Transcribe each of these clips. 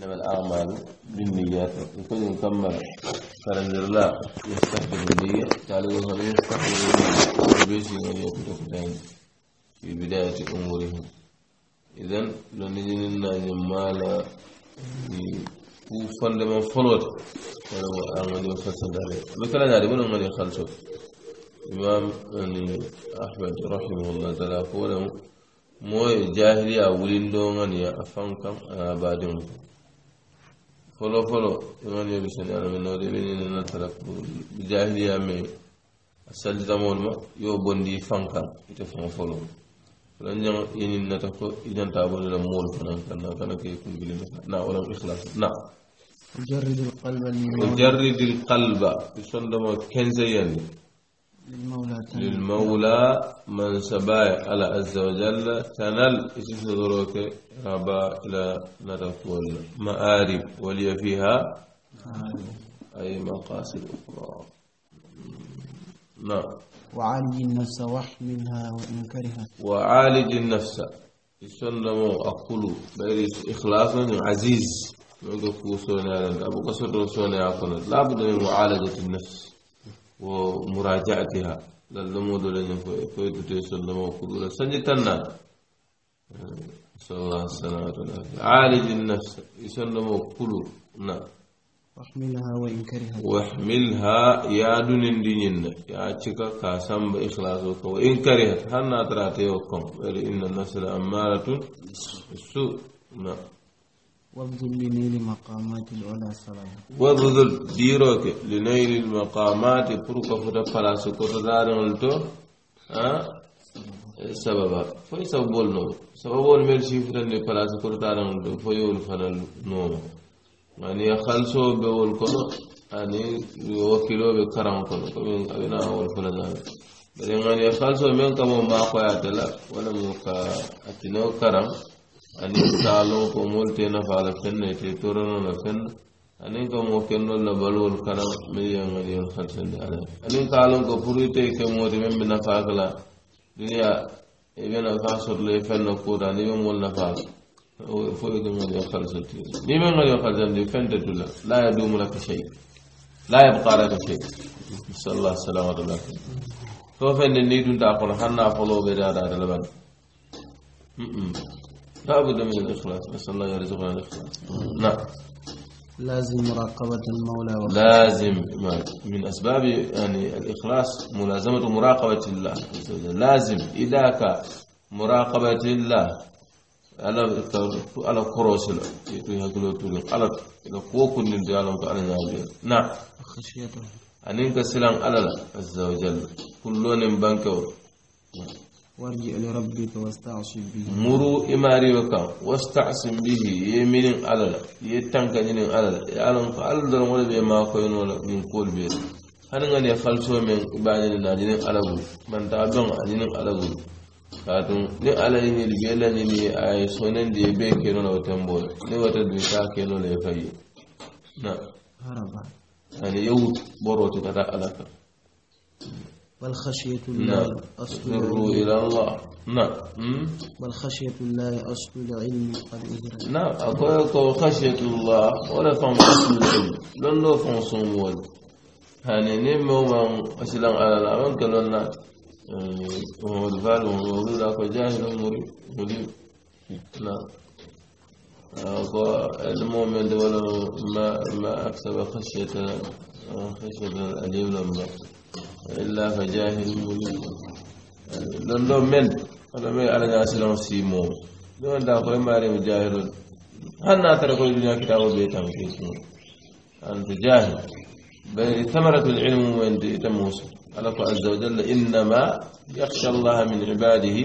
إنما الأعمال بالنيات لكل كمل فلنذر لا يستخدم النية تعالى وصل يستخدم بيسي وليكتب دين في بداية أمورهم إذن لنجن الناجم مالا كوفان لمن فلوت ولو أعمل وفسد عليه بكلا ناري يعني ولو من يخلصه imam ani ahmed rahimahullah taala ko wala moye jahiliya wulindoŋaniya a faŋ kaŋ ana baadiŋo folo folo imanu ye misali alaminoori i be ñinina tara pour jahiliya me a salditamol ma yo bondi fankan ite faŋo folo fana ñaŋ i ñin nata ko i ñanta bondi la mool fanaŋ kanna kana ke kunkilima na walam ikhlas na وجرد القلب وجرد القلب يسندما كنزيان للمولى من سبايا على عز وجل تنل إسسدروك ربا إلى نتفول مآرب ولي فيها أي مقاصد أخرى نعم وعالج النفس واحملها وإن كرهت وعالج النفس يسلم أقول بيرس إخلاصا عزيز يقول فوسونا أبو كسر رسونا لا بد من معالجة النفس ومراجعتها للمود لن يفوت تسلم وقدولا سنجتنا صلى الله عليه وسلم عالج النفس يسلم وقلوبنا واحملها وإن كرهت واحملها يا دون الدين يا تشكا كاسم بإخلاص وإن كرهت هل ناتراتي وكم إن النفس لأمارة السوء نعم وابذل لنيل المقامات العلا صلاة وابذل ديروك لنيل المقامات بركة فتا فلاسة كتدار ولتو آه؟ سببا فاي سببول نو سببول ميل شي فتا ني فلاسة كتدار ولتو فيول فنا نو يعني خلصو بول كنو يعني وكيلو بكرم كنو كمين أبنا أول فلا ذلك بل يعني خلصو من كمو ما قوية دلا ولا موكا أتنو كرم أني سالو كمول تينا فالفن نتي تورنا نفن أني كمو كنو لبلو الكرا مليون مليون خلصن دالا أني سالو كفوري تي كمو دي من نفا كلا دنيا إذا نفا سرلي فن نقود أني مول نفا فوري كم مليون خلصن تي دي من مليون خلصن دي فن تتولا لا يدوم لك شيء لا يبقى لك شيء صلى الله سلام عليك تو فن نيدون تاقول حنا لا بد من الإخلاص نسأل الله يرزقنا الإخلاص نعم لازم مراقبة المولى لازم من أسباب يعني الإخلاص ملازمة مراقبة الله عز وجل لازم إذاك مراقبة الله على على كروس على كوكو نندي على على نعم خشية خشيته أنك سلام على الله عز وجل كلون بانكور وارجع لربك واستعصم به مرو إماري وكا واستعصم به يمين على يتنك جنين على يعلم فعل دل ولا بما كوين ولا من قول بيت هل غني خلصو من إباني لنا جنين على من تابعون جنين على katum ni ala ye ñeli be lañini a ye sonendi ye bee keno la wo tembole ni wata duŋ ka keno la ye fayi na ani بل خشية نعم. الله أصل إلى الله نعم بل خشية الله أصل العلم قد أدرك نعم أقول خشية الله ولا فهم أصل العلم لن لو فهم صمول هاني نيم وما أسلم على العمل كلنا وهو الفعل وهو ذاك جاهل مريب مريب نعم المؤمن ولا ما ما أكسب خشية أه، خشية الأليم لما إلا فجاهل لون لون من أنا ما على ناس لهم سيمو لون دا كل ما عليهم جاهل هل ترى كل الدنيا كتاب بيتهم كيسمو أنت جاهل بل ثمرة العلم من موسى الله عز وجل إنما يخشى الله من عباده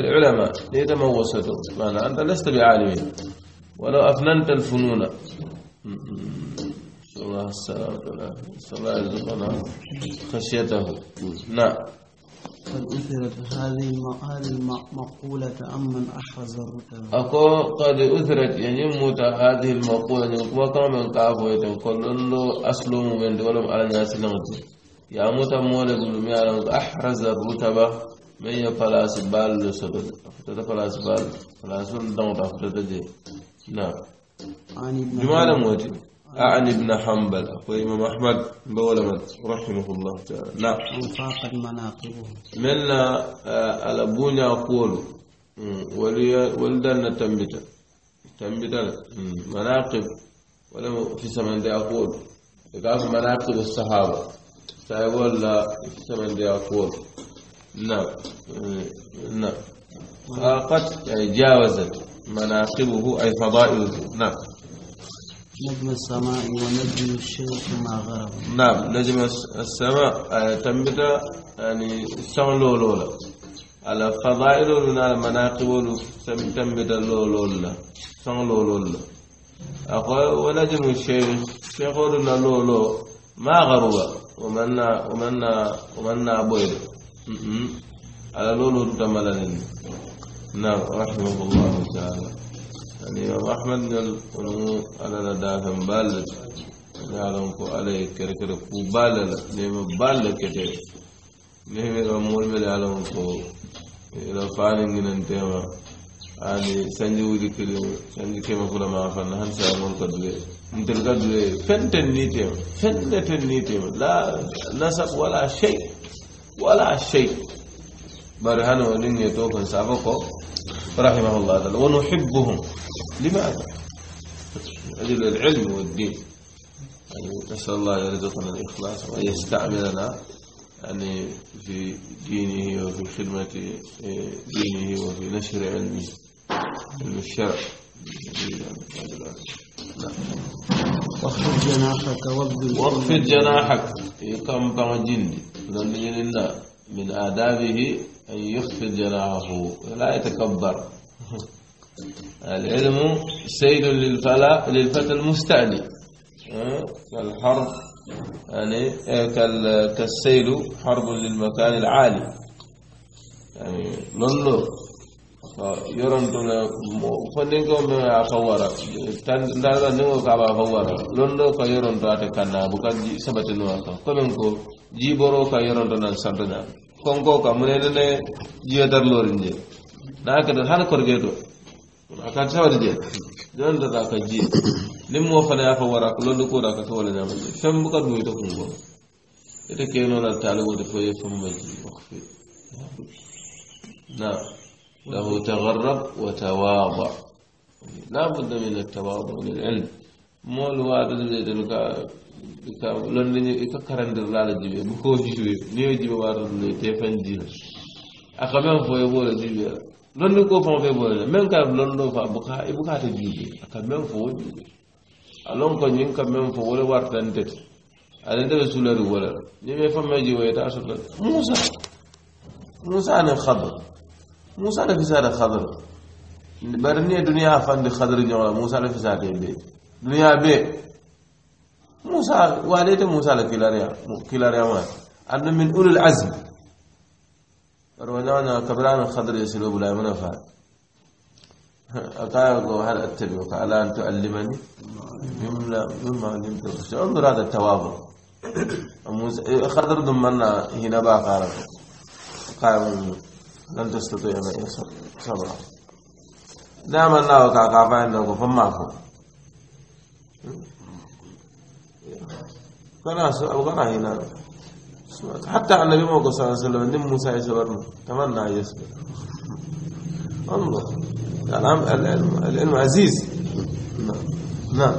العلماء ليتموسدوا معنى أنت لست بعالم ولو أفننت الفنون الله السلامة نسأل الله يرزقنا خشيته نعم قد أثرت هذه المقولة أمن أحرز الركب أكو قد أثرت يعني موت هذه المقولة يعني وكما من كافو كل له أسلم من دولهم على الناس لمت يا موت مولى بن ميالا أحرز الركب من يفلاس بال سبب فتتفلاس بال فلاس أفتت جي نعم جمال موتي عن ابن حنبل أخوي إمام أحمد بولمت رحمه الله تعالى نعم وفاقد مناقبه آه، من ألبون أقول ولدنا تنبت تنبت مناقب ولا في سمن دي أقول قال مناقب الصحابة سيقول لا في سمن دي أقول نعم نعم فاقت يعني جاوزت مناقبه أي فضائله نعم نجم السماء ونجم الشيخ ما غرب نعم نجم السماء آه تنبت يعني سنلو لولولا على فضائل من المناقب تنبت لولولا سنلو لولولا ونجم الشيخ شيخ لولو ما غرب ومنا ومنا ومنا بويل على لولو تملن نعم رحمه الله تعالى يعني محمد قال قلنا على الدافع بالد نعلم كو عليه كر كر كو بالد نعم بالد كده نعم إذا مول من العالم كو إذا فان عندنا نتيما أني سنجو ذي كلو سنجو كم كلا ما فان هن سامون كدوه مثل كدوه فن تنيتيم فن تنيتيم لا نسق ولا شيء ولا شيء برهانه نيني توكن سابقه رحمه الله تعالى ونحبهم لماذا؟ أجل العلم والدين يعني نسأل الله أن يرزقنا الإخلاص وأن يستعملنا يعني في دينه وفي خدمة دينه وفي نشر علمه علم الشرع واخفض جناحك واخفض جناحك يقام إيه، بمجند من آدابه أن يخفض جناحه لا يتكبر العلم سيل للفتى المستعلي كالحرب يعني كالسيل حرب للمكان العالي يعني لولو يرندول فنينكو مي افورا تان دالا نيو كابا افورا لولو كا يرندو ات كانا بو كان سبتنو اكا كومنكو جي برو كا يرندو نان سانتنا كونكو كا منينه جي دار لورنجي ناكدو هان كورغيتو akan sawari de don da za ka ji nin mo fana ya fa wara ko lolu ko da ka tawala na mai fem buka duwe to kun go ita ke no na talibu da fa yefum mai ji wakfi na lahu tagharrab wa tawaba la budda min at-tawadu lil ilm mol wa da da ka ka lon ni ka karandir la la jibe bu ko jibe ni jibe wa da te fan ji akamen fo yebo la jibe lolu ko faŋo be boyla meŋ ka do fa bu ka e bu ka ka meŋ ak wo fo a alon ko ñiŋ ka meŋ fo wala war tan ti ala nte be sulari wo le la niŋ me faŋ mee jiwo ita soto musa musa aniŋ hadr musa le fisaata hadr bari niŋ ye duniyaa fandi hadr ñoŋ la musa le fisa ye be duniyaa be musa waade ite musa le kilariya ma aduŋ min ulul azm روانانا كبرانا خضر يسلوب لا منفع قال هل أتبعك على أن تعلمني مما علمت انظر هذا التواضع خضر ضمنا هنا باقى قال لن تستطيع ما يصبر صبرا دائما لا وقع قافا له فما هو قناه أو قناه هنا حتى عن النبي محمد صلى الله عليه وسلم عندما موسى يسبرنا تمنى أن يسبر الله العلم العلم عزيز نعم نعم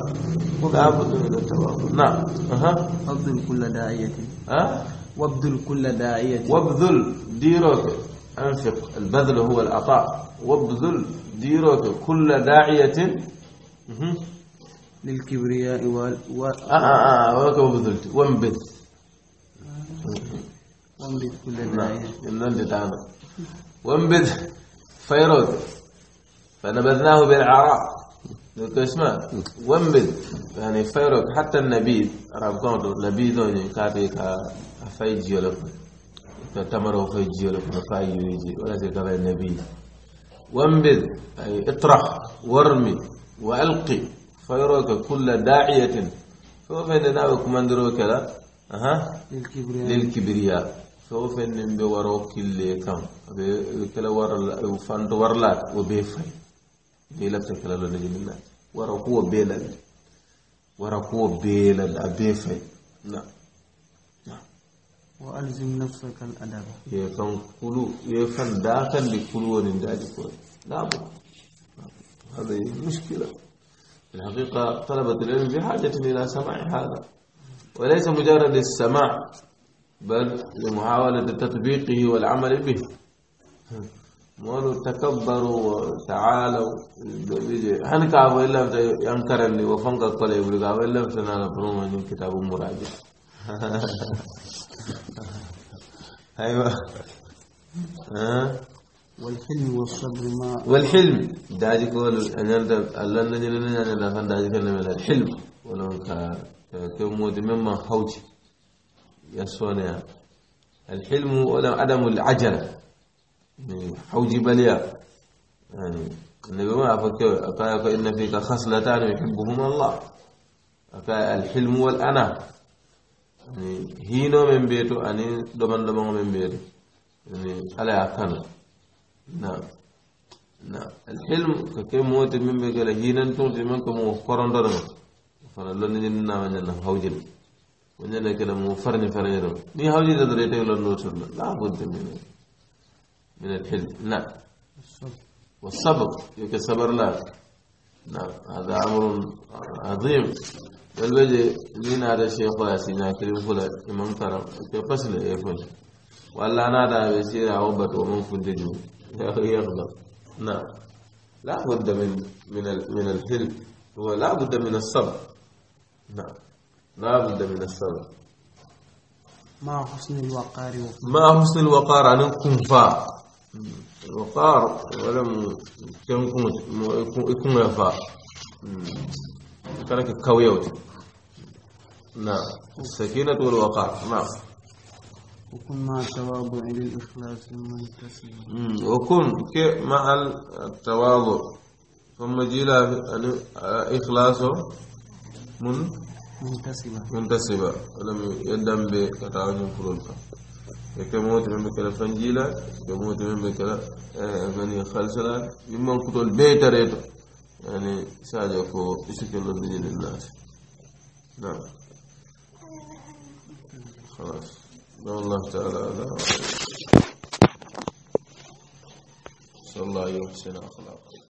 لابد من التواضع نعم أها أبذل كل داعية أه؟ وابذل كل داعية وابذل ديرك أنفق البذل هو العطاء وابذل ديرك كل داعية للكبرياء وال و... آه آه آه وابذل وانبذ نولد كلنا وانبت نعم. فيروز فنبذناه بالعراء اسمع وانبت يعني فيروز حتى النبيذ نبيذ يعني كاتي كا فاي جيولوك تمره فاي جيولوك فاي يجي ولا تكفى النبيذ وانبذ أي اطرح وارمي وألقي فيروك كل داعية فهو فين ناوي كماندرو كذا أها للكبرياء للكبرياء فوفن بوارو كيلي كام كالاوار فانت وارلا وبي فاي بيلا تكالا لجنة وراكو بيلا وراكو بيلا بي فاي نعم وألزم نفسك الأدب يا كم كلو يا فان داخل لكلو ولن داخل نعم هذه مشكلة في الحقيقة طلبة العلم بحاجة إلى سماع هذا وليس مجرد السماع بل لمحاولة تطبيقه والعمل به مولو تكبروا وتعالوا هنك أبو إلا ينكر لي وفنك قل يبلغ أبو إلا سنانا فروما من كتاب مراجع أيوة والحلم والصبر ما والحلم داجك ولا أنا الله نجلنا أنا لا فنداجك الحلم ولو كا كم مود مما خوتي يسونيا الحلم عدم العجلة يعني حوجي بليا يعني النبي ما أفكر أكايا إن فيك خصلتان يحبهما الله أكايا الحلم والأنا يعني هينو من بيته أني دمان دمان من بيته يعني على أكنا نعم نعم الحلم كم موت من بيته لهينا تون تمن كمو قرن درنا فانا لن يننا من هوجل ونجنا كده موفرني فرنيرو ني هاوجي ده دريتي ولا نوصل لا بد من من الحل نعم والصبر يك الصبر لا نعم هذا أمر عظيم بل بجي لين هذا الشيخ ياسين كريم فلا إمام كرم كفصل يفل ولا أنا هذا بسير عوبة ومن فندجو يا يغضب نعم لا بد من من من الحلم ولا بد من الصبر نعم لا بد من السبب مع حسن الوقار مع حسن الوقار عن كنفا الوقار ولم يكون يكون يفا كانك كويوت نعم السكينة والوقار نعم وكن مع التواضع للإخلاص المنتسب وكن مع التواضع ثم جيل إخلاصه من منتسبة ولم يدم بكتاعون فرولكا يكموت من بكلا فنجيلا يموت من بكلا آه، من يخلصنا ممن كتول بيت ريتو يعني ساجا كو من بجد الناس نعم خلاص نعم، الله تعالى على صلى الله عليه وسلم